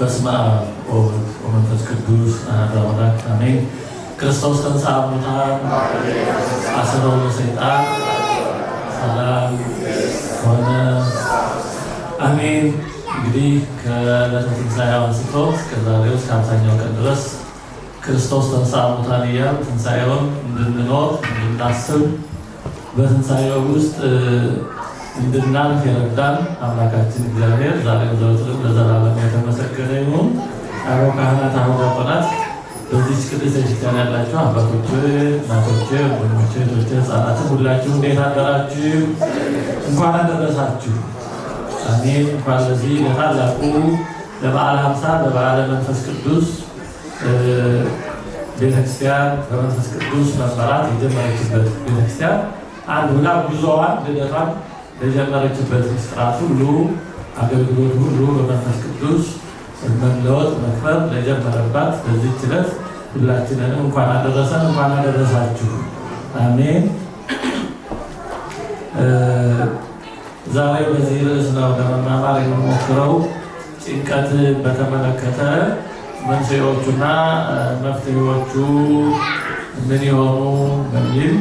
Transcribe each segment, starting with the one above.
በስመ አብ ወወልድ ወመንፈስ ቅዱስ አሐዱ አምላክ አሜን። ክርስቶስ ተንሥአ እሙታን አሰሮ ለሰይጣን ሰላም ሆነ። አሜን። እንግዲህ ከዕለተ ትንሣኤ አንስቶ እስከዛሬው እስከ ሃምሳኛው ቀን ድረስ ክርስቶስ ተንሥአ እሙታን እያሉ ትንሣኤውን እንድንኖር እንድናስብ በትንሣኤው ውስጥ እንድናልፍ የረዳን አምላካችን እግዚአብሔር ዛሬ ዘወትርም ለዘላለም የተመሰገነ ይሁን። አሮ ካህናት፣ አሁን አባላት፣ በዚች ቅዱስ ቤተክርስቲያን ያላችሁ አባቶች፣ እናቶች፣ ወንድሞች፣ እህቶች፣ ህጻናት ሁላችሁ እንዴት አደራችሁ? እንኳን አደረሳችሁ። እኔ እንኳን ለዚህ ለታላቁ ለበዓለ ሀምሳ ለበዓለ መንፈስ ቅዱስ ቤተክርስቲያን በመንፈስ ቅዱስ መመራት የጀመረችበት ቤተክርስቲያን አንድ ሁላ ጉዞዋን ልደቷን የጀመረችበት ስርዓት ሁሉ አገልግሎት ሁሉ በመንፈስ ቅዱስ መለወጥ መክበር ለጀመረባት በዚህች ዕለት ሁላችንንም እንኳን አደረሰን፣ እንኳን አደረሳችሁ። አሜን። ዛሬ በዚህ ርዕስ ነው ለመማማር የምሞክረው። ጭንቀት በተመለከተ መንስኤዎቹና መፍትሄዎቹ ምን የሆኑ በሚል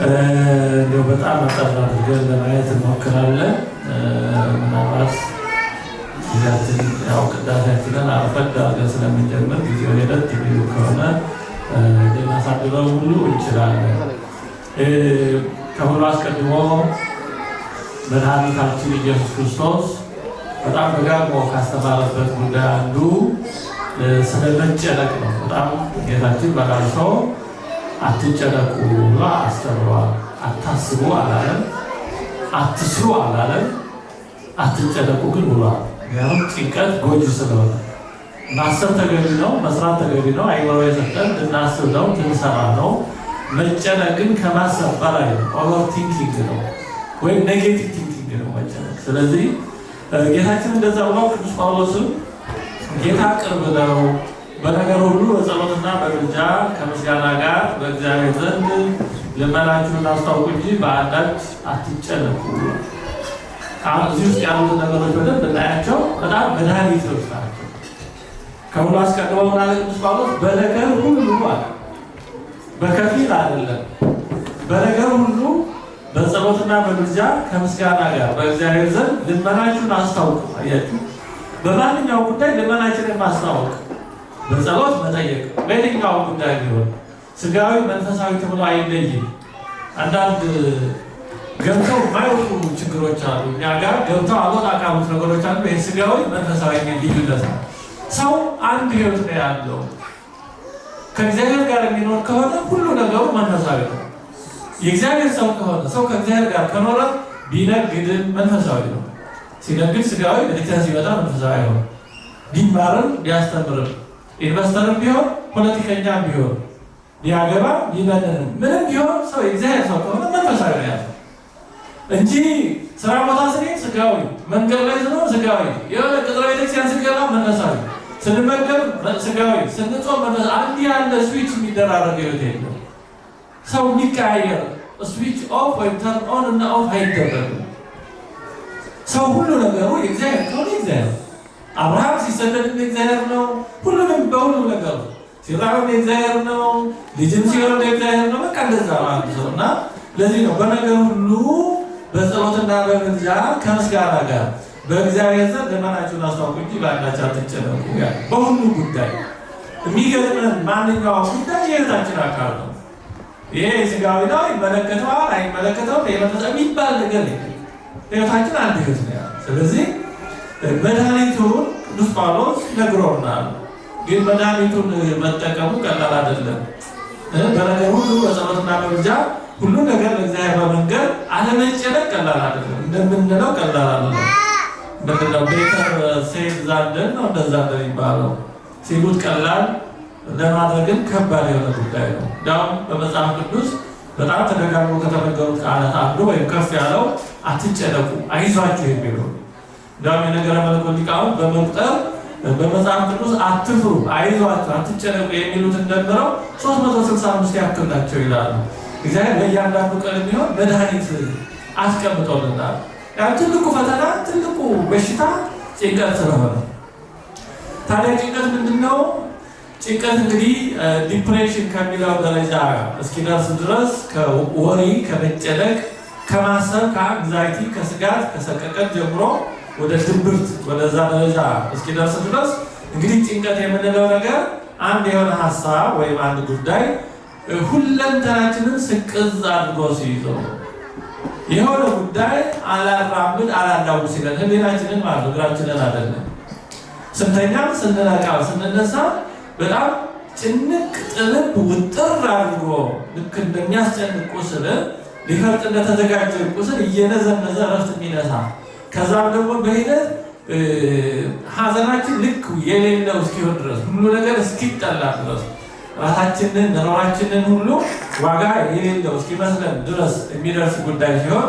እንዲያው በጣም አጠር አድርገን ለማየት እንሞክራለን። ምናልባት ጊዜያችን ያው ቅዳሴያችንን አርፈድ አድርገን ስለሚጀምር ጊዜው ሄደት የሚሉ ከሆነ ልናሳድረው ሁሉ እንችላለን። ከሁሉ አስቀድሞ መድኃኒታችን ኢየሱስ ክርስቶስ በጣም ደጋግሞ ካስተማረበት ጉዳይ አንዱ ስለ መጨነቅ ነው። በጣም ጌታችን በላልሰው አትጨነቁ ብሎ አስተምሯል። አታስቡ አላለም፣ አትስሩ አላለም፣ አትጨነቁ ግን ብሏል። ምክንያቱም ጭንቀት ጎጂ ስለሆነ ማሰብ ተገቢ ነው፣ መስራት ተገቢ ነው። አይምሮ የሰጠን ልናስብ ነው፣ ልንሰራ ነው። መጨነቅ ከማሰብ በላይ ኦቨር ቲንኪንግ ነው ወይም ኔጌቲቭ ቲንኪንግ ነው መጨነቅ። ስለዚህ ጌታችን እንደዛ ብሎ ቅዱስ ጳውሎስም ጌታ ቅርብ ነው በነገር ሁሉ በጸሎትና በምልጃ ከምስጋና ጋር በእግዚአብሔር ዘንድ ልመናችሁን እናስታውቁ እንጂ በአንዳች አትጨነቁ። አሁን እዚህ ውስጥ ያሉት ነገሮች በደንብ እናያቸው። በጣም መድኃኒት ነው ናቸው። ከሁሉ አስቀድመው ምናለ ቅዱስ ጳውሎስ በነገር ሁሉ አለ፣ በከፊል አይደለም። በነገር ሁሉ በጸሎትና በምልጃ ከምስጋና ጋር በእግዚአብሔር ዘንድ ልመናችሁን አስታውቁ። አያችሁ፣ በማንኛውም ጉዳይ ልመናችንን ማስታወቅ በጸሎት መጠየቅ በየትኛው ጉዳይ ቢሆን ስጋዊ መንፈሳዊ ተብሎ አይለይም። አንዳንድ ገብተው የማይወጡ ችግሮች አሉ። እኛ ጋር ገብተው አልወጣ ካሉት ነገሮች አሉ። ይህ ስጋዊ መንፈሳዊ ልዩነት ነው። ሰው አንድ ህይወት ነው ያለው። ከእግዚአብሔር ጋር የሚኖር ከሆነ ሁሉ ነገሩ መንፈሳዊ ነው። የእግዚአብሔር ሰው ከሆነ ሰው ከእግዚአብሔር ጋር ከኖረ ቢነግድም መንፈሳዊ ነው። ሲነግድ ስጋዊ፣ ቤተክርስቲያን ሲመጣ መንፈሳዊ ነው። ቢማርም ቢያስተምርም ኢንቨስተርም ቢሆን ፖለቲከኛም ቢሆን ሊያገባ ሊመንንም ምንም ቢሆን ሰው የእግዚአብሔር ሰው ከሆነ መንፈሳዊ ነው ያለው እንጂ ስራ ቦታ ስንሄድ ስጋዊ፣ መንገድ ላይ ስንሆን ስጋዊ፣ የሆነ ቅጥረ ቤተክርስቲያን ስንገባ መንፈሳዊ፣ ስንመገብ ስጋዊ፣ ስንጾም መንፈሳዊ። አንድ ያለ ስዊች የሚደራረግ ህይወት የለም። ሰው የሚቀያየር ስዊች ኦፍ ወይም ተርን ኦን እና ኦፍ አይደረግም። ሰው ሁሉ ነገሩ የእግዚአብሔር ከሆነ እግዚአብሔር አብርሃም ሲሰደድ እግዚአብሔር ነው። ሁሉንም በሁሉም ነገር ሲራብ እግዚአብሔር ነው። ልጅም ሲሆን እግዚአብሔር ነው። በቃ እንደዛ ማለት ነው። እና ለዚህ ነው በነገር ሁሉ በጸሎትና በምልጃ ከምስጋና ጋር በእግዚአብሔር ዘንድ ለመናችሁን አስታውቁ እንጂ በአንዳችሁ አትጨነቁ። በሁሉ ጉዳይ የሚገጥመን ማንኛውም ጉዳይ የሕይወታችን አካል ነው። ይሄ ስጋዊ ነው፣ ይመለከተዋል አይመለከተውም የሚባል ነገር ህይወታችን አንድ ሕይወት ነው። ስለዚህ መድኃኒቱን ቅዱስ ጳውሎስ ነግሮናል። ግን መድኃኒቱን መጠቀሙ ቀላል አይደለም። በነገር ሁሉ በጸሎትና በምልጃ ሁሉ ነገር ለእግዚአብሔር በመንገር አለመጨነቅ ቀላል አይደለም። እንደምንለው ቀላል አይደለም። ምንድነው ቤተር ሴት ዛንደን ነው እንደዛ የሚባለው ሲሉት ቀላል ለማድረግን ከባድ የሆነ ጉዳይ ነው። እንዲሁም በመጽሐፍ ቅዱስ በጣም ተደጋግሞ ከተነገሩት ቃላት አንዱ ወይም ከፍ ያለው አትጨነቁ አይዟችሁ የሚለው ዳም የነገረ መለኮት ሊቃውንት በመቁጠር በመጽሐፍ ቅዱስ አትፍሩ፣ አይዟችሁ፣ አትጨነቁ የሚሉት ደምረው 365 ያክል ናቸው ይላሉ። እግዚአብሔር ለእያንዳንዱ ቀን የሚሆን መድኃኒት አስቀምጦልናል። ያ ትልቁ ፈተና ትልቁ በሽታ ጭንቀት ስለሆነ ታዲያ ጭንቀት ምንድን ነው? ጭንቀት እንግዲህ ዲፕሬሽን ከሚለው ደረጃ እስኪደርስ ድረስ ከወሪ ከመጨነቅ ከማሰብ ከአንግዛይቲ ከስጋት ከሰቀቀን ጀምሮ ወደ ድብርት ወደዛ ደረጃ እስኪደርስ ድረስ እንግዲህ ጭንቀት የምንለው ነገር አንድ የሆነ ሀሳብ ወይም አንድ ጉዳይ ሁለንተናችንን ስቅዝ አድርጎ ሲይዘው የሆነ ጉዳይ አላራምድ አላዳውም ሲለን ህሊናችንን ማለት እግራችንን አይደለም። ስንተኛ ስንነቃ ስንነሳ በጣም ጭንቅ ጥልብ ውጥር አድርጎ ልክ እንደሚያስጨንቅ ቁስል ሊፈርጥ እንደተዘጋጀ ቁስል እየነዘነዘ እረፍት የሚነሳ ከዛም ደግሞ በሂደት ሀዘናችን ልክ የሌለው እስኪሆን ድረስ ሁሉ ነገር እስኪጠላ ድረስ ራሳችንን ኑሯችንን ሁሉ ዋጋ የሌለው እስኪመስለን ድረስ የሚደርስ ጉዳይ ሲሆን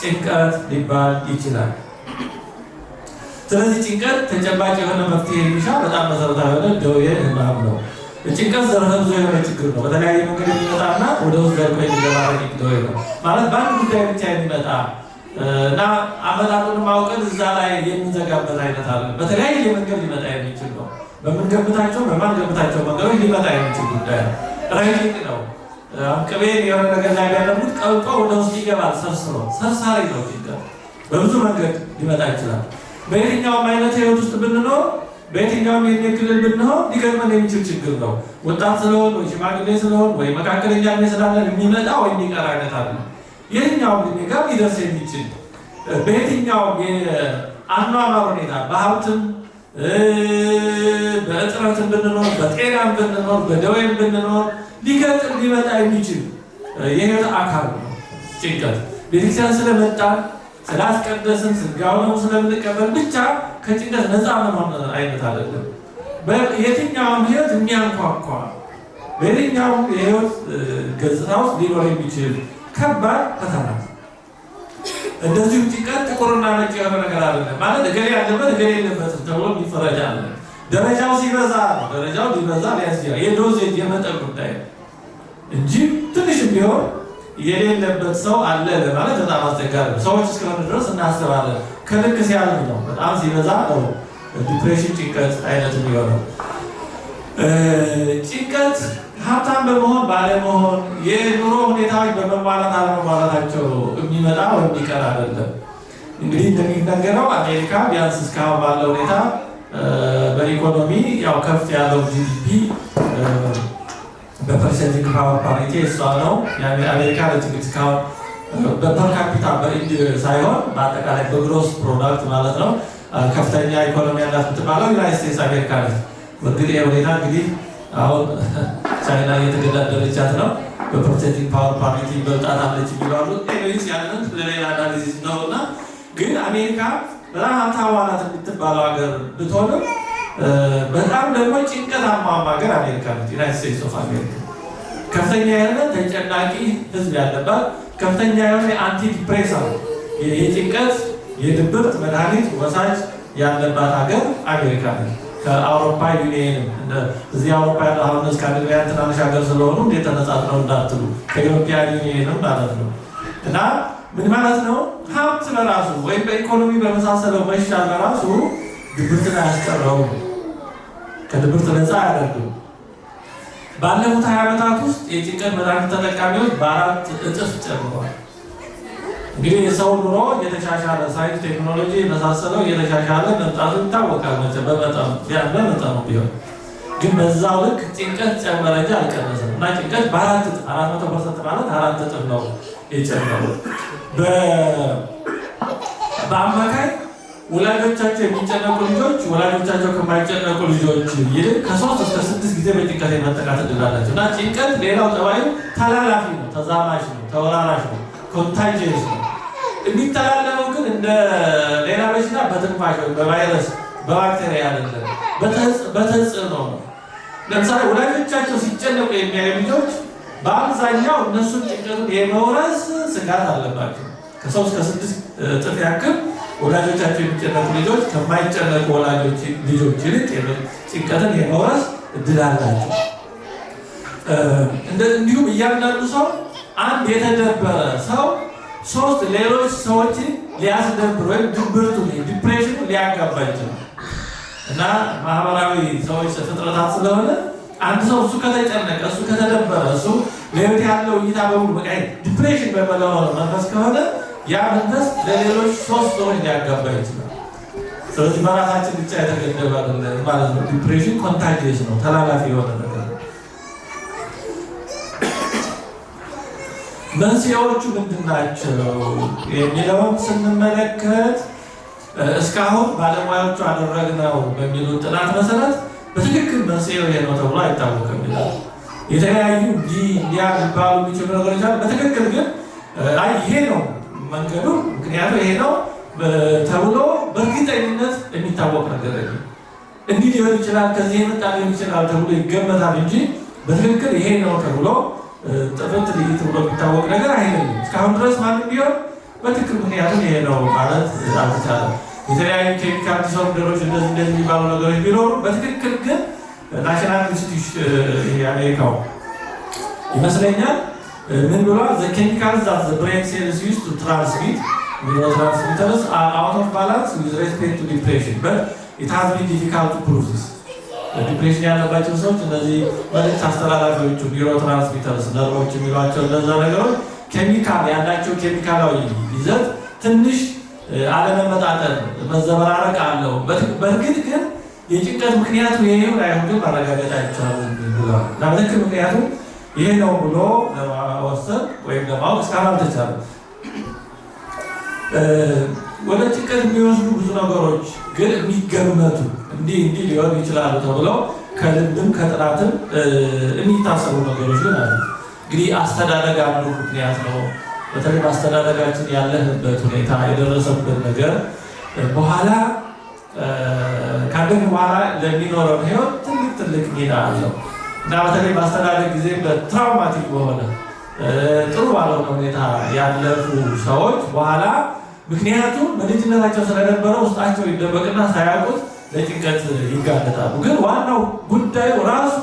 ጭንቀት ሊባል ይችላል። ስለዚህ ጭንቀት ተጨባጭ የሆነ መፍትሄ የሚሻ በጣም መሰረታዊ የሆነ ደዌ ህማም ነው። ጭንቀት ዘርፈ ብዙ የሆነ ችግር ነው። በተለያየ መንገድ የሚመጣና ወደ ውስጥ ዘርቆ የሚገባ ደዌ ነው። ማለት በአንድ ጉዳይ ብቻ የሚመጣ እና አመጣጡን ማውቀን እዛ ላይ የምንዘጋበት አይነት አለ። በተለያየ መንገድ ሊመጣ የሚችል ነው። በምንገምታቸው በማንገምታቸው መንገዶች ሊመጣ የሚችል ጉዳይ ነው። ራይቲንግ ነው። ቅቤ የሆነ ነገር ላይ ቢያደርጉት ቀልጦ ወደ ውስጥ ይገባል። ሰርስሮ ሰርሳሪ ነው። በብዙ መንገድ ሊመጣ ይችላል። በየትኛውም አይነት ህይወት ውስጥ ብንኖር በየትኛውም የዕድሜ ክልል ብንሆን ሊገጥመን የሚችል ችግር ነው። ወጣት ስለሆን ወይ ሽማግሌ ስለሆን ወይ መካከለኛ ስላለን የሚመጣ ወይ የሚቀር አይነት አለ። ይህኛው ግን ጋር ሊደርስ የሚችል በየትኛው የአኗኗር ሁኔታ በሀብትም በእጥረትም ብንኖር በጤናም ብንኖር በደዌም ብንኖር ሊገጥም ሊመጣ የሚችል የህይወት አካል ነው ጭንቀት። ቤተክርስቲያን ስለመጣን ስላስቀደስን ስጋውን ስለምንቀበል ብቻ ከጭንቀት ነፃ መሆን አይነት አይደለም። የትኛውም ህይወት የሚያንኳኳ በየትኛውም የህይወት ገጽታ ውስጥ ሊኖር የሚችል ከባድ ፈተና። እንደዚሁ ጭቀት ጥቁርና ነጭ የሆነ ነገር አይደለም ማለት እገሌ ያለበት እገሌ የለበትም ተብሎ የሚፈረጃ አለ። ደረጃው ሲበዛ ደረጃው ሊበዛ ሊያስ የዶዜጅ የመጠን ጉዳይ እንጂ ትንሽ ቢሆን የሌለበት ሰው አለ ለማለት በጣም አስቸጋሪ ነው። ሰዎች እስከሆነ ድረስ እናስባለን። ከልክ ሲያልፍ ነው። በጣም ሲበዛ ዲፕሬሽን ጭንቀት አይነት የሚሆነው ጭንቀት ሀብታም በመሆን ባለመሆን፣ የኑሮ ሁኔታዎች በመሟላት አለመሟላታቸው የሚመጣ ወይም የሚቀር አይደለም። እንግዲህ እንደሚነገረው አሜሪካ ቢያንስ እስካሁን ባለው ሁኔታ በኢኮኖሚ ያው ከፍ ያለው ጂዲፒ በፐርሰንቲንግ ፓወር ፓሪቲ እሷ ነው። የአሜሪካ ለችግር እስካሁን በፐር በኢንድ ሳይሆን በአጠቃላይ በግሮስ ፕሮዳክት ማለት ነው ከፍተኛ ኢኮኖሚ ያላት የምትባለው ዩናይት ስቴትስ አሜሪካ ነች። በእንግዲህ ሁኔታ እንግዲህ አሁን ቻይና የተገዳደረቻት ነው። በፕሮሴቲንግ ፓወር ፓሪቲ በብጣት አለች የሚባሉ ያንን ለሌላ አናሊዚስ ነው እና ግን አሜሪካ በጣም ሀብታም ናት የምትባለው ሀገር ብትሆንም በጣም ደግሞ ጭንቀታማ ሀገር አሜሪካ ናት። ዩናይት ስቴትስ ኦፍ አሜሪካ ከፍተኛ የሆነ ተጨናቂ ህዝብ ያለባት ከፍተኛ የሆነ የአንቲ ዲፕሬሰር የጭንቀት የድብርት መድኃኒት ወሳጅ ያለባት ሀገር አሜሪካ ናት። ከአውሮፓ ዩኒየንም እዚህ አውሮፓ ያለ አሁን እስካንድሪያን ትናንሽ ሀገር ስለሆኑ እንዴት ተነጻጽረው እንዳትሉ ከኢሮፒያን ዩኒየንም ማለት ነው እና ምን ማለት ነው? ሀብት በራሱ ወይም በኢኮኖሚ በመሳሰለው መሻል በራሱ ድብርትን አያስቀረውም፣ ከድብርት ነፃ አያደርግም። ባለፉት ሀያ ዓመታት ውስጥ የጭንቀት መድኃኒት ተጠቃሚዎች በአራት እጥፍ ጨምረዋል። እንግዲህ የሰው ኑሮ የተሻሻለ ሳይንስ፣ ቴክኖሎጂ የመሳሰለው የተሻሻለ መምጣቱ ይታወቃል። መቼ በመጠኑ ቢያንስ በመጠኑ ቢሆን ግን በዛው ልክ ጭንቀት ጨመረ እንጂ አልቀነሰም እና ጭንቀት በአራት አራት መቶ ፐርሰንት ማለት አራት እጥፍ ነው የጨመሩ በአማካይ ወላጆቻቸው የሚጨነቁ ልጆች ወላጆቻቸው ከማይጨነቁ ልጆች ይልቅ ከሶስት እስከ ስድስት ጊዜ በጭንቀት የመጠቃት እድል አላቸው እና ጭንቀት ሌላው ጠባዩ ተላላፊ ነው፣ ተዛማሽ ነው፣ ተወራራሽ ነው፣ ኮንታጅየስ ነው። የሚተላለፈው ግን እንደ ሌላ በሽታ በትንፋሽ ወይም በቫይረስ በባክቴሪያ አይደለም፣ በተጽዕኖ ነው። ለምሳሌ ወላጆቻቸው ሲጨነቁ የሚያዩ ልጆች በአብዛኛው እነሱን ጭንቀቱን የመውረስ ስጋት አለባቸው። ከሰው እስከ ስድስት እጥፍ ያክል ወላጆቻቸው የሚጨነቁ ልጆች ከማይጨነቁ ወላጆች ልጆች ይልቅ ጭንቀትን የመውረስ እድል አላቸው። እንዲሁም እያንዳንዱ ሰው አንድ የተደበረ ሰው ሶስት ሌሎች ሰዎችን ሊያስደብር ወይም ድብርቱ ዲፕሬሽኑ ሊያጋባ ይችላል እና ማህበራዊ ሰዎች ፍጥረታት ስለሆነ አንድ ሰው እሱ ከተጨነቀ እሱ ከተደበረ እሱ ለህይወት ያለው እይታ በሙሉ በቃ ዲፕሬሽን በመለመሉ መንፈስ ከሆነ ያ መንፈስ ለሌሎች ሶስት ሰዎች ሊያጋባ ይችላል። ስለዚህ በራሳችን ብቻ የተገደበ ማለት ነው። ዲፕሬሽን ኮንታጅስ ነው፣ ተላላፊ የሆነ ነገር መንስኤዎቹ ምንድን ናቸው የሚለውን ስንመለከት እስካሁን ባለሙያዎቹ አደረግነው በሚሉ ጥናት መሰረት በትክክል መንስኤው ይሄ ነው ተብሎ አይታወቅም ይላል። የተለያዩ ሊያ ሊባሉ የሚችሉ ነገሮች አሉ። በትክክል ግን አይ ይሄ ነው መንገዱ ምክንያቱ ይሄ ነው ተብሎ በእርግጠኝነት የሚታወቅ ነገር እንዲህ ሊሆን ይችላል፣ ከዚህ የመጣ ሊሆን ይችላል ተብሎ ይገመታል እንጂ በትክክል ይሄ ነው ተብሎ ጥፍት ልይት ብሎ የሚታወቅ ነገር አይደለም። እስካሁን ድረስ ማንም ቢሆን በትክክል ምክንያቱም ይሄ ነው ማለት አልተቻለም። የተለያዩ ኬሚካል ዲሶርደሮች እንደዚህ እንደዚህ የሚባሉ ነገሮች ቢኖሩ በትክክል ግን ናሽናል ኢንስቲትዩሽን የአሜሪካው ይመስለኛል ምን ብሏል? ኬሚካል ዛት ዘ ብሬን ሴልስ ዩዝ ቱ ትራንስሚት ትራንስሚተርስ አውት ኦፍ ባላንስ ዊዝ ሬስፔክት ቱ ዲፕሬሽን በት ኢት ሃዝ ቢን ዲፊካልት ቱ ፕሩቭ ዚስ ዲፕሬሽን ያለባቸው ሰዎች እነዚህ መልእክት አስተላላፊዎቹ ኒውሮ ትራንስሚተርስ ነርቮች የሚሏቸው እነዛ ነገሮች ኬሚካል ያላቸው ኬሚካላዊ ይዘት ትንሽ አለመመጣጠን መዘበራረቅ አለው። በእርግጥ ግን የጭንቀት ምክንያቱ ይሄ አይሁን ማረጋገጥ አይቻልም ብለዋል። ለምልክ ምክንያቱ ይሄ ነው ብሎ ለማወሰን ወይም ለማወቅ እስካሁን አልተቻለም። ወደ ጭንቀት የሚወስዱ ብዙ ነገሮች ግን የሚገመቱ እንዲህ እንዲህ ሊሆን ይችላሉ ተብለው ከልምድም ከጥናትም የሚታሰቡ ነገሮች ግን አሉ። እንግዲህ አስተዳደግ አንዱ ምክንያት ነው። በተለይ በአስተዳደጋችን ያለህበት ሁኔታ የደረሰበት ነገር በኋላ ካደግ በኋላ ለሚኖረው ህይወት ትልቅ ትልቅ ሚና አለው እና በተለይ በአስተዳደግ ጊዜ በትራውማቲክ በሆነ ጥሩ ባለሆነ ሁኔታ ያለፉ ሰዎች በኋላ ምክንያቱም በልጅነታቸው ስለነበረ ውስጣቸው ይደበቅና ሳያውቁት ለጭንቀት ይጋለጣሉ። ግን ዋናው ጉዳዩ ራሱ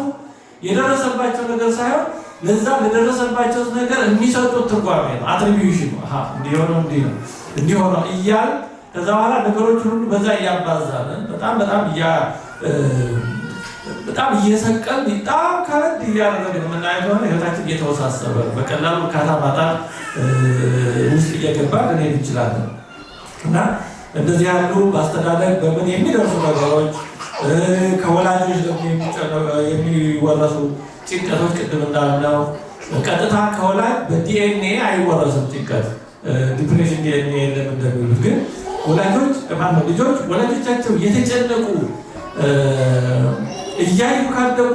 የደረሰባቸው ነገር ሳይሆን ለዛ ለደረሰባቸው ነገር የሚሰጡት ትርጓሜ ነው። አትሪቢዩሽን ነው። አሃ እንዲሆነው እንዲህ ነው እንዲሆነው እያል ከዛ በኋላ ነገሮች ሁሉ በዛ እያባዛለን በጣም በጣም እያ በጣም እየሰቀል በጣም ከረድ እያደረገ የምናየው ከሆነ ህይወታችን እየተወሳሰበ በቀላሉ ካታ ማጣት ውስጥ እየገባ ልንሄድ እንችላለን እና እንደዚህ ያሉ በአስተዳደግ በምን የሚደርሱ ነገሮች ከወላጆች ደግሞ የሚወረሱ ጭንቀቶች ቅድም እንዳለው ቀጥታ ከወላጅ በዲኤንኤ አይወረሱም። ጭንቀት ዲፕሬሽን ዲኤንኤ የለም እንደሚሉት ግን ወላጆች ማ ልጆች ወላጆቻቸው የተጨነቁ እያዩ ካደጉ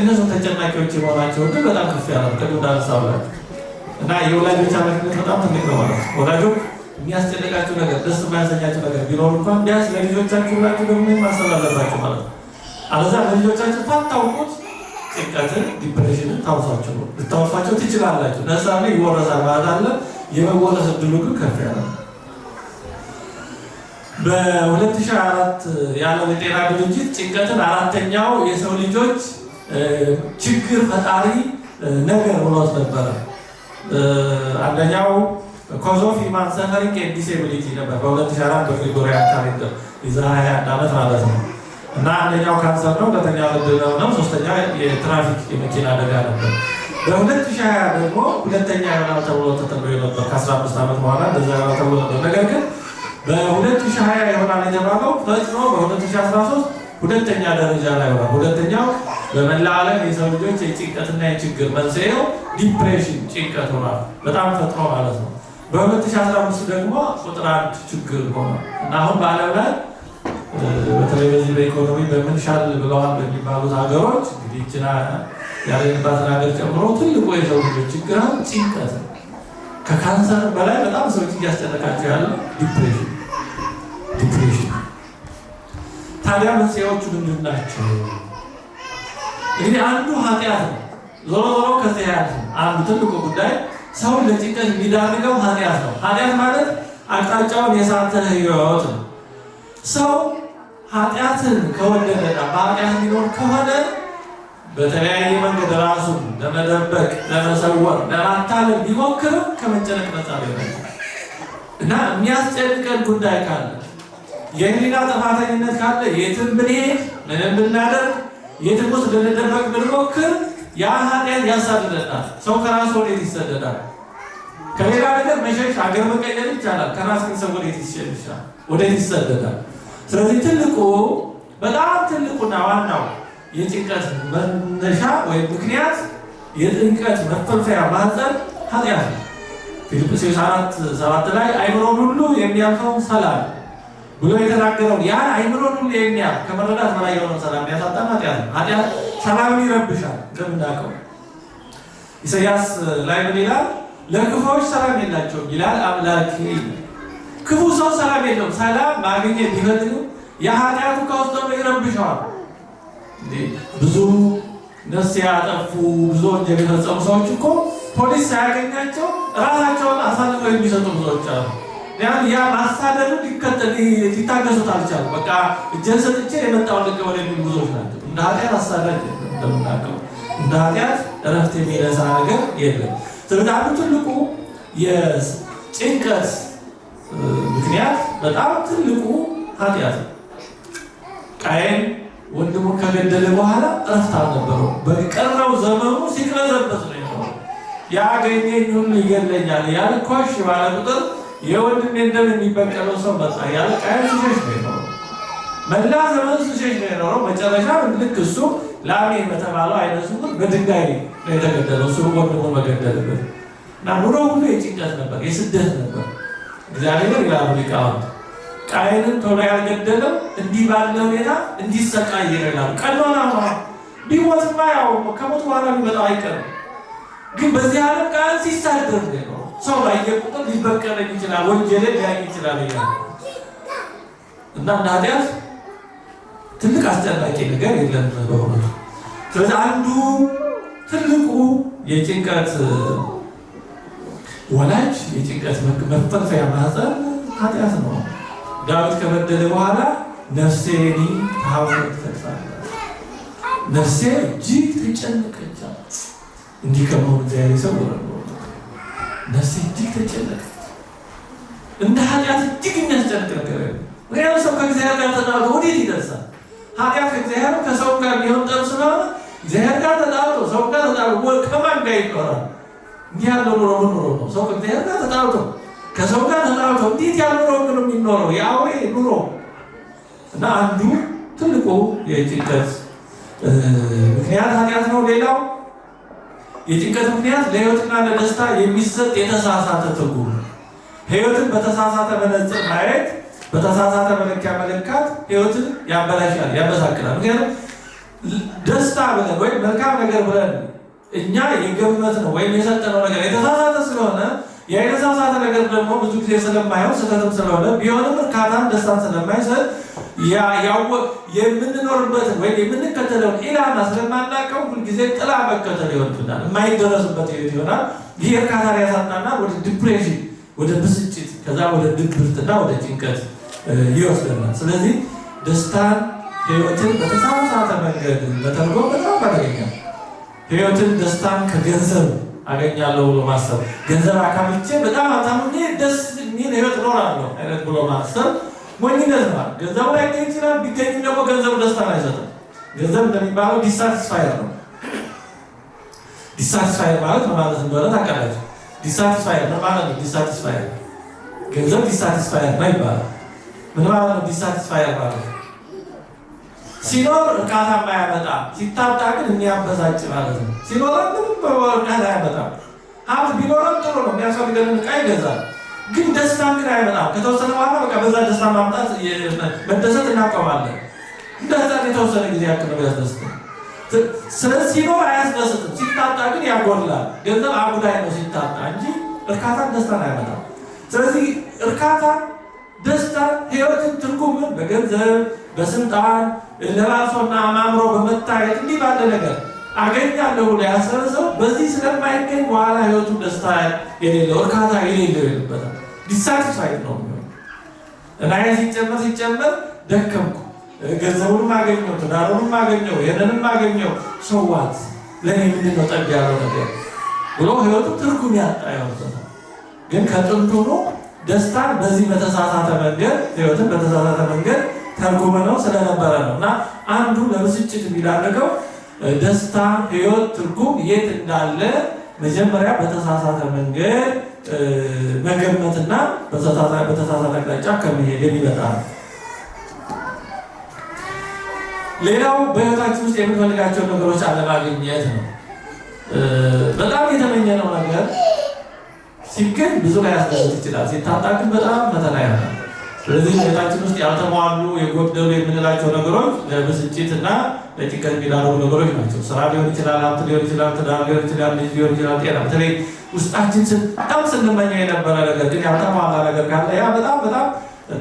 እነዛ ተጨናቂዎች የመሆናቸው ግን በጣም ከፍ ያለ ቅድም እንዳነሳሁላችሁ እና የወላጆች ኃላፊነት በጣም ትልቅ ነው ማለት ነው። ወላጆች የሚያስጨንቃቸው ነገር፣ ደስ የማያሰኛቸው ነገር ቢኖር እንኳን ቢያንስ ለልጆቻችሁ ብላችሁ ደግሞ ማሰብ አለባችሁ ማለት ነው። አለዛ ለልጆቻችሁ ታታውቁት ጭንቀትን፣ ዲፕሬሽንን ታውሳችሁ ልታወሳቸው ትችላላችሁ። ነሳ ይወረሳል ማለት አለ። የመወረስ እድሉ ግን ከፍ ያለ ነው። በ2004 የዓለም የጤና ድርጅት ጭንቀትን አራተኛው የሰው ልጆች ችግር ፈጣሪ ነገር ብሎት ነበረ። አንደኛው ኮዝ ኦፍ ሂውማን ሰፈሪንግ ኤንድ ዲሴቢሊቲ ነበር በ2004 በግሪጎሪያን ካሌንደር የዛሬ 21 ዓመት ማለት ነው። እና አንደኛው ካንሰር ነው፣ ሁለተኛው ልብ ነው፣ ሶስተኛ የትራፊክ የመኪና አደጋ ነበር። በ2020 ደግሞ ሁለተኛ ይሆናል ተብሎ ተጠብቆ ነበር ከ15 ዓመት በኋላ እንደዛ ተብሎ ነበር ነገር ግን በ2020 ይሆናል የተባለው ፈጥኖ በ2013 ሁለተኛ ደረጃ ላይ ሆኗል። ሁለተኛው በመላ ዓለም የሰው ልጆች የጭንቀትና የችግር መንስኤው ዲፕሬሽን ጭንቀት ሆኗል። በጣም ፈጥኖ ማለት ነው። በ2015 ደግሞ ቁጥር አንድ ችግር ሆኗል እና አሁን በዓለም ላይ በተለይ በዚህ በኢኮኖሚ በምንሻል ብለዋል በሚባሉት ሀገሮች እንግዲህ ችና ያለንባትን ሀገር ጨምሮ ትልቁ የሰው ልጆች ችግር ጭንቀት ነው። ከካንሰር በላይ በጣም ሰዎች እያስጨነቃቸው ያለ ዲፕሬሽን ዲፕሬሽን። ታዲያ መንስኤዎቹ ምንድን እንግዲህ አንዱ ኃጢአት ነው። ዞሮ ዞሮ ከዚህ አንዱ ትልቁ ጉዳይ ሰውን ለጭንቀት የሚዳርገው ኃጢአት ነው። ኃጢአት ማለት አቅጣጫውን የሳተ ህይወት ነው። ሰው ኃጢአትን ከወደደና በኃጢአት የሚኖር ከሆነ በተለያየ መንገድ ራሱን ለመደበቅ፣ ለመሰወር፣ ለማታለል ቢሞክርም ከመጨነቅ ነፃ ሊሆን እና የሚያስጨንቀን ጉዳይ ካለ የህሊና ጥፋተኝነት ካለ የትም ብንሄድ ምንም ብናደርግ የትም ውስጥ ልንደበቅ ብንሞክር ያ ኃጢአት ያሳድደናል። ሰው ከራሱ ወዴት ይሰደዳል? ከሌላ ነገር መሸሽ አገር መቀየር ይቻላል። ከራስ ግን ሰው ወዴት ይሸሻል? ወዴት ይሰደዳል? ስለዚህ ትልቁ በጣም ትልቁና ዋናው የጭንቀት መነሻ ወይም ምክንያት የጥንቀት መፈልፈያ ማህፀን ኃጢአት ነው። ፊልጵስዩስ አራት ሰባት ላይ አይምሮን ሁሉ የሚያልፈው ሰላም ብሎ የተናገረው ያን አይምሮን ሁሉ የሚያል ከመረዳት በላይ የሆነው ሰላም ያሳጣን ኃጢአት ኃጢአት ሰላምን ይረብሻል። እንደምናውቀው ኢሳያስ ላይ ምን ይላል? ለክፉዎች ሰላም የላቸውም ይላል አምላክ። ክፉ ሰው ሰላም የለውም። ሰላም ማግኘት ቢፈልግ የኃጢአቱ ከውስጥ ነው ይረብሻል። ብዙ ነፍስ ያጠፉ ብዙ ወንጀል የፈጸሙ ሰዎች እኮ ፖሊስ ሳያገኛቸው እራሳቸውን አሳልፈው የሚሰጡ ብዙዎች አሉ። ያን ያ ማሳደዱ ሊከተል ሊታገሱት አልቻሉ። በቃ እጄን ሰጥቼ የመጣውን ልቀ ወደ ሚል ናቸው። እንደ ኃጢአት አሳዳጅ እንደምናቀው እንደ ኃጢአት እረፍት የሚነሳ ነገር የለም። ስለዚህ አንዱ ትልቁ የጭንቀት ምክንያት በጣም ትልቁ ኃጢአት ነው። ቃየን ወንድሙ ከገደለ በኋላ እረፍት አልነበረው። በቀረው ዘመኑ ሲቅለዘበት ነው ያገኘኝ ሁሉ ይገለኛል ያልኳሽ ባለ ቁጥር የወንድሜ ደም የሚበቀለው ሰው መጣ ያለ ሲሸሽ ነው የኖረው። መላ ሲሸሽ ነው የኖረው። መጨረሻ ልክ እሱ ላሜ በተባለው አይነት ስውር በድንጋይ ነው የተገደለው። እሱ መገደልበት እና ኑሮ ሁሉ የጭንቀት ነበር፣ የስደት ነበር። እግዚአብሔር ይላሉ ሊቃውንት ቶሎ ያልገደለው እንዲህ ባለ ሁኔታ እንዲሰቃይ ይረዳሉ። ማ ያው ከሞት በኋላ አይቀርም። ግን በዚህ ዓለም ሲሳደር ነው ሰው ላይ የቁጥር ሊበቀለኝ ይችላል፣ ወንጀል ሊያይ ይችላል ይላል እና እንደ ኃጢአት ትልቅ አስጨናቂ ነገር የለም በእውነቱ። ስለዚህ አንዱ ትልቁ የጭንቀት ወላጅ የጭንቀት መፈልፈያ ማህፀን ኃጢአት ነው። ዳዊት ከበደለ በኋላ ነፍሴኒ ሀፍረት ትፈጥሳለ ነፍሴ እጅግ ተጨነቀቻ። እንዲህ ከመሆን እግዚአብሔር ሰው ነፍሴ እጅግ ተጨነቀ። እንደ ኃጢአት እጅግ የሚያስጨንቅ ነገር ምክንያቱም ሰው ከእግዚአብሔር ጋር ተጣልቶ ወዴት ይደርሳል? ኃጢአት እግዚአብሔር ከሰው ጋር የሚሆን ጠብ ስለሆነ እግዚአብሔር ጋር ተጣልቶ ሰው ጋር ተጣልቶ ከማን ጋር ይኖራል? እንዲህ ያለው ኑሮ ምን ኑሮ ነው? ሰው ከእግዚአብሔር ጋር ተጣልቶ ከሰው ጋር ተጣልቶ እንዴት ያለ ኑሮ ግን የሚኖረው የአውሬ ኑሮ እና አንዱ ትልቁ የጭንቀት ምክንያት ኃጢአት ነው። ሌላው የጭንቀት ምክንያት ለህይወትና ለደስታ የሚሰጥ የተሳሳተ ትርጉም ነው። ህይወትን በተሳሳተ መነጽር ማየት፣ በተሳሳተ መለኪያ መለካት ህይወትን ያበላሻል፣ ያበሳክላል። ምክንያቱም ደስታ ብለን ወይም መልካም ነገር ብለን እኛ የገመት ነው ወይም የሰጠነው ነገር የተሳሳተ ስለሆነ የተሳሳተ ነገር ደግሞ ብዙ ጊዜ ስለማየው ስህተትም ስለሆነ ቢሆንም እርካታን ደስታን ስለማይሰጥ የምንኖርበትን ወይም የምንከተለውን ኢላማ ስለማናውቀው ሁልጊዜ ጥላ መከተል ይሆንብናል። የማይደረስበት ህይወት ይሆናል። ይህ እርካታ ያሳጣናል። ወደ ዲፕሬሽን፣ ወደ ብስጭት፣ ከዛ ወደ ድብርትና ወደ ጭንቀት ይወስደናል። ስለዚህ ደስታን ህይወትን በተሳሳተ መንገድ መተርጎም በጣም አደገኛ ህይወትን ደስታን ከገንዘብ አገኛለሁ ብሎ ማሰብ ገንዘብ አካብቼ በጣም አታምኜ ደስ የሚል ህይወት እኖራለሁ አይነት ብሎ ማሰብ ሞኝነት ነው። ገንዘቡ ላይገኝ ይችላል። ቢገኝም ደግሞ ገንዘቡ ደስታን አይሰጥም። ገንዘብ እንደሚባለው ዲሳቲስፋየር ነው። ዲሳቲስፋየር ማለት ማለት እንደሆነ ታውቃላችሁ። ዲሳቲስፋየር ነው ማለት ነው። ዲሳቲስፋየር ገንዘብ ዲሳቲስፋየር ነው ይባላል። ምን ማለት ነው? ዲሳቲስፋየር ማለት ሲኖር እርካታ ማያመጣ ሲታጣ ግን የሚያበሳጭ ማለት ነው። ሲኖረ ምንም እርካታ አያመጣም። ሀብት ቢኖረም ጥሩ ነው። የሚያስፈልገንን ዕቃ ይገዛል። ግን ደስታን ግን አይመጣም። ከተወሰነ በኋላ በቃ በዛ ደስታ ማምጣት መደሰት እናቆማለን። እንደ ህፃን የተወሰነ ጊዜ ያክል ነው ያስደስተን። ስለዚህ አያስደስትም፣ ሲታጣ ግን ያጎላል። ገንዘብ አጉዳይ ነው ሲታጣ እንጂ እርካታን ደስታን አይመጣም። ስለዚህ እርካታ፣ ደስታ ህይወትን ትርጉምን በገንዘብ በስልጣን ለባሶና ማምሮ በመታየት እንዲህ ባለ ነገር አገኛለሁ ብሎ ያሰበ ሰው በዚህ ስለማይገኝ በኋላ ህይወቱ ደስታ የሌለው እርካታ የሌለው ይልበታል። ዲሳቲስፋይድ ነው የሚሆነው እና ያ ሲጨመር ሲጨመር ደከምኩ፣ ገንዘቡንም አገኘው፣ ትዳሩንም አገኘው፣ ይህንንም አገኘው፣ ሰዋት ለእኔ ምንድን ነው ጠብ ያለው ነገር ብሎ ህይወቱ ትርጉም ያጣ ያውዘ ግን ከጥንቱ ሆኖ ደስታን በዚህ በተሳሳተ መንገድ ህይወትን በተሳሳተ መንገድ ተርጉመ ነው ስለነበረ ነው እና አንዱ ለብስጭት የሚዳርገው ደስታ፣ ህይወት፣ ትርጉም የት እንዳለ መጀመሪያ በተሳሳተ መንገድ መገመትና በተሳሳተ አቅጣጫ ከመሄድ ይመጣል። ሌላው በህይወታችን ውስጥ የምንፈልጋቸው ነገሮች አለማግኘት ነው። በጣም የተመኘነው ነገር ሲገኝ ብዙ ላይ ያስደስት ይችላል። ሲታጣቅም በጣም ፈተና ያ ስለዚህ ህይወታችን ውስጥ ያልተሟሉ የጎደሉ የምንላቸው ነገሮች ለብስጭት እና ለጭንቀት የሚዳረጉ ነገሮች ናቸው። ስራ ሊሆን ይችላል፣ ሀብት ሊሆን ይችላል፣ ትዳር ሊሆን ይችላል፣ ልጅ ሊሆን ይችላል፣ ጤና። በተለይ ውስጣችን በጣም ስንመኘው የነበረ ነገር ግን ያልተሟላ ነገር ካለ ያ በጣም በጣም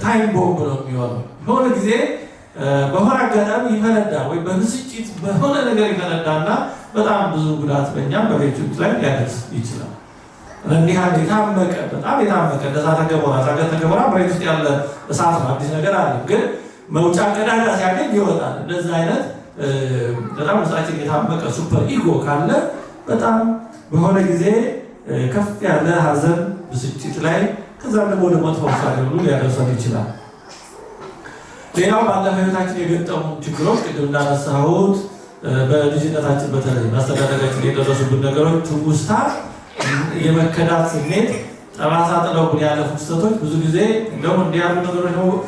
ታይም ቦምብ ነው የሚሆነው። በሆነ ጊዜ በሆነ አጋጣሚ ይፈነዳ ወይ በብስጭት በሆነ ነገር ይፈነዳ እና በጣም ብዙ ጉዳት በእኛም በቤቶች ላይ ሊያደርስ ይችላል። እንዲህ አንድ የታመቀ በጣም የታመቀ እንደ ተገቦራ ገሞራ ተገቦራ ገሞራ በቤት ውስጥ ያለ እሳት ነው፣ አዲስ ነገር አለ። ግን መውጫ ቀዳዳ ሲያገኝ ይወጣል። እንደዚህ አይነት በጣም ውስጣችን የታመቀ ሱፐር ኢጎ ካለ በጣም በሆነ ጊዜ ከፍ ያለ ሀዘን ብስጭት ላይ ከዛ ደግሞ ወደ መጥፎ ውሳኔ ሁሉ ሊያደርሰን ይችላል። ሌላው ባለፈው ህይወታችን የገጠሙ ችግሮች ቅድም እንዳነሳሁት በልጅነታችን በተለይ ማስተዳደጋችን የደረሱብን ነገሮች ትውስታ፣ የመከዳት ስሜት ጠባሳ ጥለውብን ያለፉ ክስተቶች ብዙ ጊዜ እንደውም እንዲያሉ ነገሮች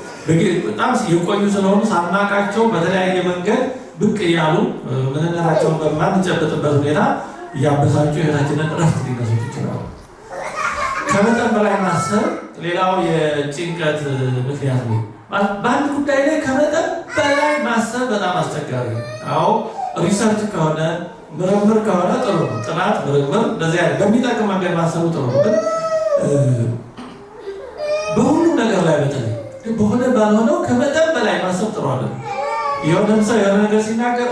በጣም የቆዩ ስለሆኑ ሳናቃቸው በተለያየ መንገድ ብቅ እያሉ ምንነታቸውን በማንጨብጥበት ሁኔታ እያበሳጩ ህይወታችንን ረፍት ሊነሱት ይችላሉ። ከመጠን በላይ ማሰብ ሌላው የጭንቀት ምክንያት ነው። በአንድ ጉዳይ ላይ ከመጠን በላይ ማሰብ በጣም አስቸጋሪ ነው። አዎ ሪሰርች ከሆነ ምርምር ከሆነ ጥሩ ነው። ጥናት፣ ምርምር እንደዚያ በሚጠቅም መንገድ ማሰቡ ጥሩ ነው። ግን በሁሉም ነገር ላይ በተለይ በሆነ ባልሆነው ከመጠን በላይ ማሰብ ጥሩ አይደለም። የሆነም ሰው የሆነ ነገር ሲናገር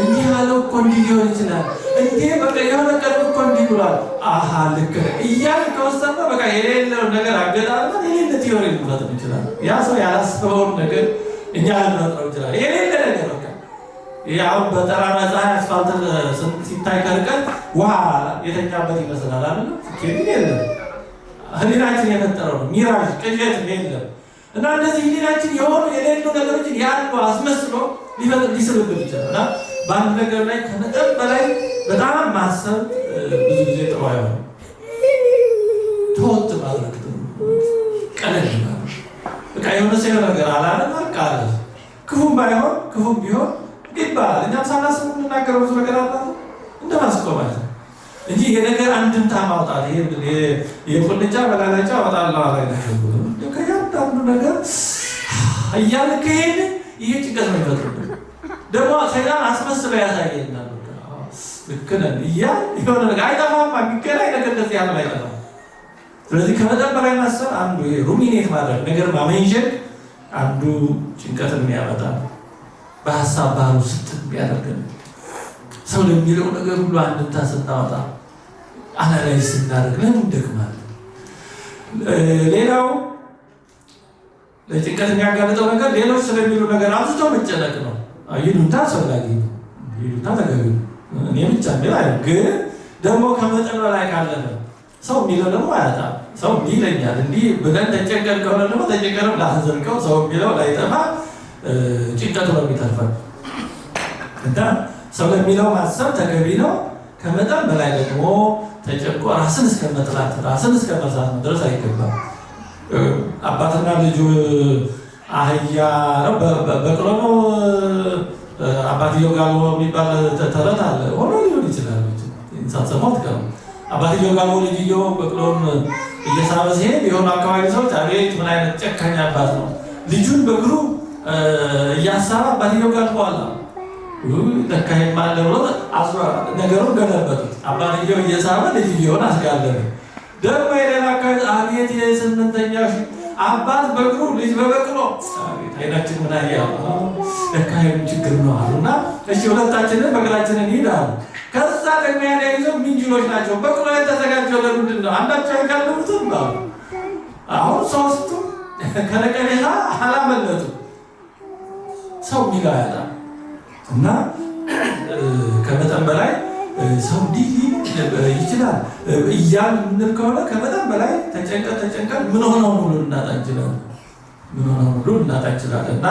እንዲህ ያለው እኮ እንዲህ ሊሆን ይችላል፣ እንዲህ በቃ የሆነ ቀን እኮ እንዲህ ብሏል፣ አሀ ልክ እያል ከወሰነ በቃ የሌለውን ነገር አገጣጥመን የሌለ ቲዮሪ ልንፈጥር ይችላል። ያ ሰው ያላስበውን ነገር እኛ ልንፈጥረው ይችላል። የሌለ ነገር በቃ አሁን በጠራራ ፀሐይ አስፋልት ሲታይ ከርቀት ውሃ የተኛበት ይመስላል አለ የለም ህሊናችን የፈጠረው ነው። ሚራጅ ቅዠት የለም እና እነዚህ ህሊናችን የሆኑ የሌሉ ነገሮችን ያሉ አስመስሎ ሊፈጥ ሊስብብን ይችላል እና በአንድ ነገር ላይ ከመጠን በላይ በጣም ማሰብ ብዙ ጊዜ ጥሩ አይሆን። ተወጥ ማድረግ ቀለል ማድረግ በቃ የሆነ ሰው ነገር አላለ በቃ ክፉም ባይሆን ክፉም ቢሆን ይባል እኛም ሳናስብ የምንናገረው ብዙ ነገር አለ እንደ ማስቆማት እንጂ የነገር አንድምታ ማውጣት ይሄ የቁልንጫ በላላጫ አወጣለሁ አላ እያንዳንዱ ነገር እያል ከሄድ ይሄ ጭንቀት ነው የሚፈጥርብን። ደግሞ ሰይጣን አስመስሎ ያሳየናል። ልክ ነን እያልን የሆነ ነገር አይጠፋም፣ የሚገናኝ ነገር እንደዚህ ያለው አይጠፋም። ስለዚህ ከመጠን በላይ ማሰብ አንዱ ሩሚኔት ማድረግ ነገር ማመንሸት አንዱ ጭንቀት የሚያመጣ በሀሳብ ባህሉ ውስጥ የሚያደርገን ሰው ለሚለው ነገር ሁሉ አንድታ ስናወጣ አናላይዝ ስናደርግ ለምን ደክማል ሌላው ለጭንቀት የሚያጋልጠው ነገር ሌሎች ስለሚሉ ነገር አብዝተው መጨነቅ ነው። ይሉንታ አስፈላጊ ነው። ይሉንታ ተገቢ እኔ ብቻ ሚል አይ ግን ደግሞ ከመጠን በላይ ካለፈ ሰው የሚለው ደግሞ አያጣ ሰው እንዲህ ይለኛል እንዲህ ብለን ተጨንቀን ከሆነ ደግሞ ተጨንቀንም ላዘልቀው ሰው የሚለው ላይጠፋ ጭንቀቱ ነው የሚተርፈን እና ሰው ለሚለው ማሰብ ተገቢ ነው። ከመጠን በላይ ደግሞ ተጨንቆ ራስን እስከመጥላት ራስን እስከመርሳት መድረስ አይገባም። አባትና ልጁ አህያ ነው በቅሎ ነው አባትየው ጋልቦ የሚባል ተረት አለ። ሆኖ ሊሆን ይችላል እንሳት ሳትሰማ አትቀርም። አባትየው ጋልቦ ልጅየው በቅሎን እየሳበ ሲሄድ የሆኑ አካባቢ ሰዎች አቤት ምን አይነት ጨካኝ አባት ነው፣ ልጁን በእግሩ እያሳበ አባትየው ጋልቦ አለ ለካሄማለ ብሎ ነገሩን ገለበቱት። አባትየው እየሳበ ልጅየውን አስጋለበ ደግሞ የሌላካ አቤት የስምንተኛ አባት በግሩ ልጅ በበቅሎ አይናችን ሆና ያሉ ችግር ነው አሉና፣ እሺ ሁለታችንን በቅላችንን ሂድ አሉ። ከዛ ደግሞ ይዘው ምንጅሎች ናቸው። በቅሎ የተዘጋጀው ለምንድን ነው? አንዳቸው ያካለሙትም አሉ። አሁን ሶስቱ ከነቀኔታ አላመለጡ ሰው ሚላ ያጣ እና ከመጠን በላይ ሰው እንዲህ ይችላል እያል ምንል ከሆነ ከመጠን በላይ ተጨንቀ ተጨንቀን ምን ሆነው ሙሉ ልናጣ እንችላለን። ምን ሆነው ሙሉ ልናጣ እንችላለን እና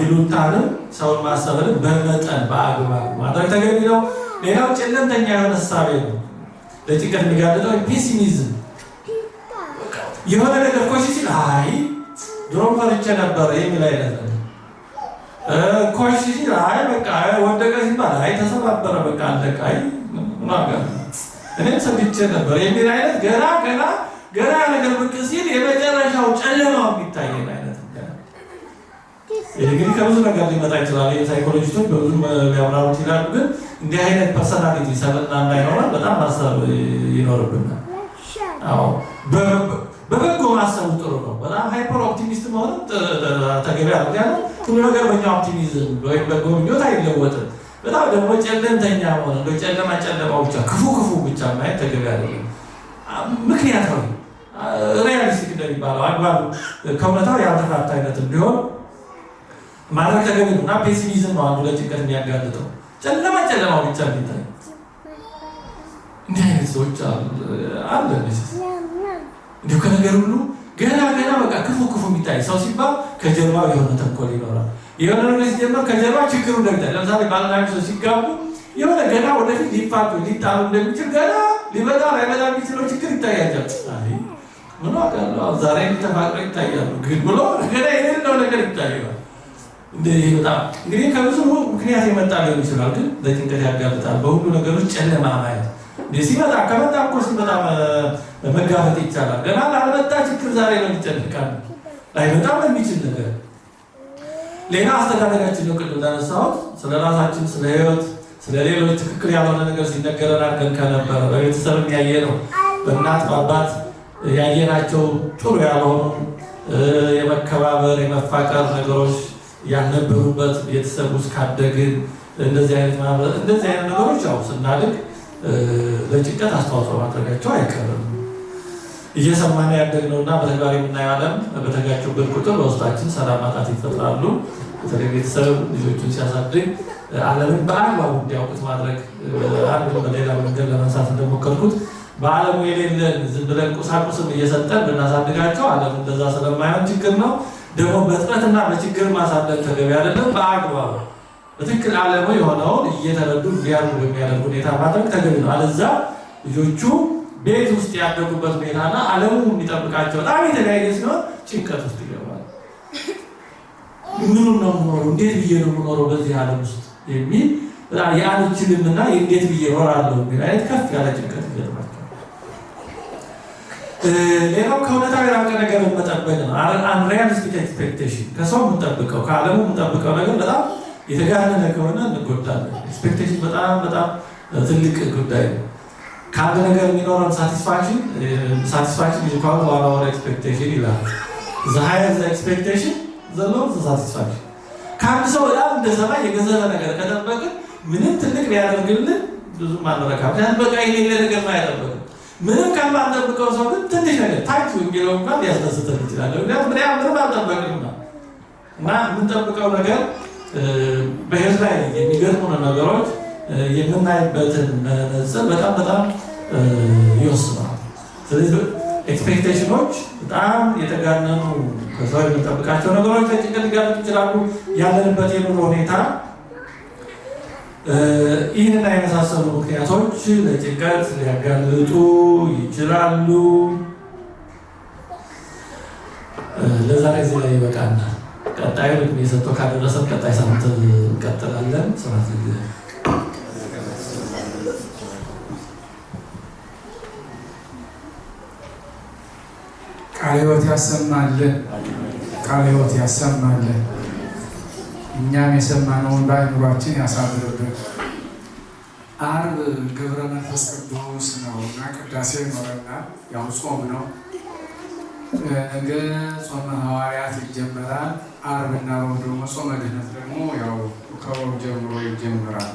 ይሉንታንም ሰውን ማሰብን በመጠን በአግባብ ማድረግ ተገቢ ነው። ሌላው ጨለምተኛ የሆነ እሳቤ ነው ለጭንቀት የሚጋለጠው ፔሲሚዝም የሆነ ነገር ኮሽ ሲል አይ ድሮም ፈርቼ ነበር የሚል አይነት ነው። ኮሽ ሲል አይ በቃ ወደቀ ሲባል አይ ተሰባበረ በቃ አለቀ። አይ እኔም ሰምቼ ነበር የሚል አይነት ገና ገና ገና ነገር ብቅ ሲል የመጨረሻው ጨለማ የሚታየን አይነት እንግዲህ ከብዙ ነገር ሊመጣ ይችላል። የሳይኮሎጂስቶች በብዙ ሊያብራሩት ይላሉ። ግን እንዲህ አይነት ፐርሰናሊቲ ሰለጥና እንዳይኖረን በጣም ማሰብ ይኖርብናል። በበጎ ማሰቡ ጥሩ ነው። በጣም ሃይፐር ኦፕቲሚስት መሆኑ ተገቢ አለ። ምክንያቱም ሁሉ ነገር በእኛ ኦፕቲሚዝም ወይም በጎ ምኞት አይለወጥም። በጣም ደግሞ ጨለምተኛ መሆን እንደ ጨለማ ጨለማ ብቻ ክፉ ክፉ ብቻ ማየት ተገቢ አይደለም። ምክንያታዊ ሪያሊስቲክ እንደሚባለው አግባብ ከእውነታው የአልተፋት አይነት እንዲሆን ማድረግ ተገቢ ነው እና ፔሲሚዝም ነው አንዱ ለጭንቀት የሚያጋልጠው ጨለማ ጨለማ ብቻ የሚታይ እንዲህ አይነት ሰዎች አለ እንዲሁ ከነገር ሁሉ ገና ገና በቃ ክፉ ክፉ የሚታይ ሰው ሲባል ከጀርባ የሆነ ተንኮል ይኖራል። የሆነ ነገር ሲጀምር ከጀርባ ችግሩ ደግታል። ለምሳሌ ባልና ሚስት ሲጋቡ የሆነ ገና ወደፊት ሊፋቱ ሊጣሉ እንደሚችል ገና ሊበጣ ላይበጣ የሚችለው ችግር ይታያል። ምን አውቃለሁ ዛሬ የሚተፋቅረው ይታያሉ፣ ግን ብሎ ገና የሌለው ነገር ይታያል። ይህ በጣም እንግዲህ ከብዙ ምክንያት የመጣ ሊሆን ይችላል፣ ግን ለጭንቀት ያጋብጣል። በሁሉ ነገሮች ጨለማ ማየት ሲመጣ ከመጣ እኮ ሲመጣ መጋፈጥ ይቻላል። ገና ላልመጣ ችግር ዛሬ ነው የሚጨንቃል። ላይመጣም የሚችል ነገር ሌላ አስተዳደጋችን ነው። ቅድም እንዳነሳሁት ስለ ራሳችን፣ ስለ ህይወት፣ ስለ ሌሎች ትክክል ያልሆነ ነገር ሲነገረን አድርገን ከነበረ በቤተሰብ ያየ ነው በእናት በአባት ያየናቸው ጥሩ ያልሆኑ የመከባበር የመፋቀር ነገሮች ያልነበሩበት ቤተሰብ ውስጥ ካደግን እንደዚህ አይነት ነገሮች ያው ስናድግ ለጭንቀት አስተዋጽኦ ማድረጋቸው አይቀርም። እየሰማን ያደግነውና በተግባር የምናየው ዓለም በተጋጩበት ቁጥር በውስጣችን ሰላም ማጣት ይፈጥራሉ። በተለይ ቤተሰብ ልጆቹን ሲያሳድግ ዓለምን በአግባቡ እንዲያውቁት ማድረግ አንዱ በሌላ መንገድ ለመንሳት እንደሞከርኩት በዓለሙ የሌለን ዝም ብለን ቁሳቁስም እየሰጠን ብናሳድጋቸው ዓለም እንደዛ ስለማይሆን ችግር ነው። ደግሞ በጥረትና በችግር ማሳደግ ተገቢ አይደለም። በአግባቡ በትክክል ዓለሙ የሆነውን እየተረዱ እንዲያርጉ በሚያደርግ ሁኔታ ማድረግ ተገቢ ነው። አለዛ ልጆቹ ቤት ውስጥ ያደጉበት ሁኔታና ዓለሙ የሚጠብቃቸው በጣም የተለያየ ሲሆን ጭንቀት ውስጥ ይገባል። ምኑ ነው ምኖሩ? እንዴት ብዬ ነው ምኖረው በዚህ ዓለም ውስጥ የሚል የአንችልምና እንዴት ብዬ እኖራለሁ የሚል አይነት ከፍ ያለ ጭንቀት ይገጥማቸዋል። ሌላው ከእውነታዊ የራቀ ነገር መጠበቅ ነው። አንሪያሊስቲክ ኤክስፔክቴሽን ከሰው የምንጠብቀው ከዓለሙ የምንጠብቀው ነገር በጣም የተጋነነ ከሆነ እንጎዳለን። ኤክስፔክቴሽን በጣም በጣም ትልቅ ጉዳይ ነው። ከአንድ ነገር የሚኖረን ሳቲስፋክሽን ሳቲስፋክሽን ኢዝ በኋላ ቱ ኤክስፔክቴሽን ይላል። ዘ ሃየር ዘ ኤክስፔክቴሽን ዘ ሎወር ዘ ሳቲስፋክሽን። ከአንድ ሰው በጣም እንደሰማ የገዘፈ ነገር ከጠበቅን ምንም ትልቅ ሊያደርግልን ብዙም አንረካ። ምክንያቱም በቃ የሌለ ነገር ነው ያጠበቅ ምንም ከማንጠብቀው ሰው ግን ትንሽ ነገር ታች የሚለው እንኳን ሊያስደስተን ይችላል። ምክንያቱም ምንም አልጠበቅንና እና የምንጠብቀው ነገር በህይወት ላይ የሚገጥሙን ነገሮች የምናይበትን መነጽር በጣም በጣም ይወስናል። ስለዚህ ኤክስፔክቴሽኖች በጣም የተጋነኑ ከሰው የምንጠብቃቸው ነገሮች ላይ ሊጋለጡ ይችላሉ። ያለንበት የኑሮ ሁኔታ ይህንና የመሳሰሉ ምክንያቶች ለጭንቀት ሊያጋልጡ ይችላሉ። ለዛሬ እዚህ ላይ ይበቃናል። ቀጣዩ እድሜ ሰጥቶ ካደረሰን ቀጣይ ሳምንት እንቀጥላለን። ስራት ቃለ ሕይወት ያሰማልን፣ ቃለ ሕይወት ያሰማልን። እኛም የሰማነውን በአእምሯችን ያሳድርብን። አርብ ግብረ መንፈስ ቅዱስ ነው እና ቅዳሴ ይኖረናል። ያው ጾም ነው ነገ ጾመ ሐዋርያት ይጀመራል። አርብና ሮብ ደግሞ ጾመ ድህነት ደግሞ ያው ከወር ጀምሮ ይጀምራል።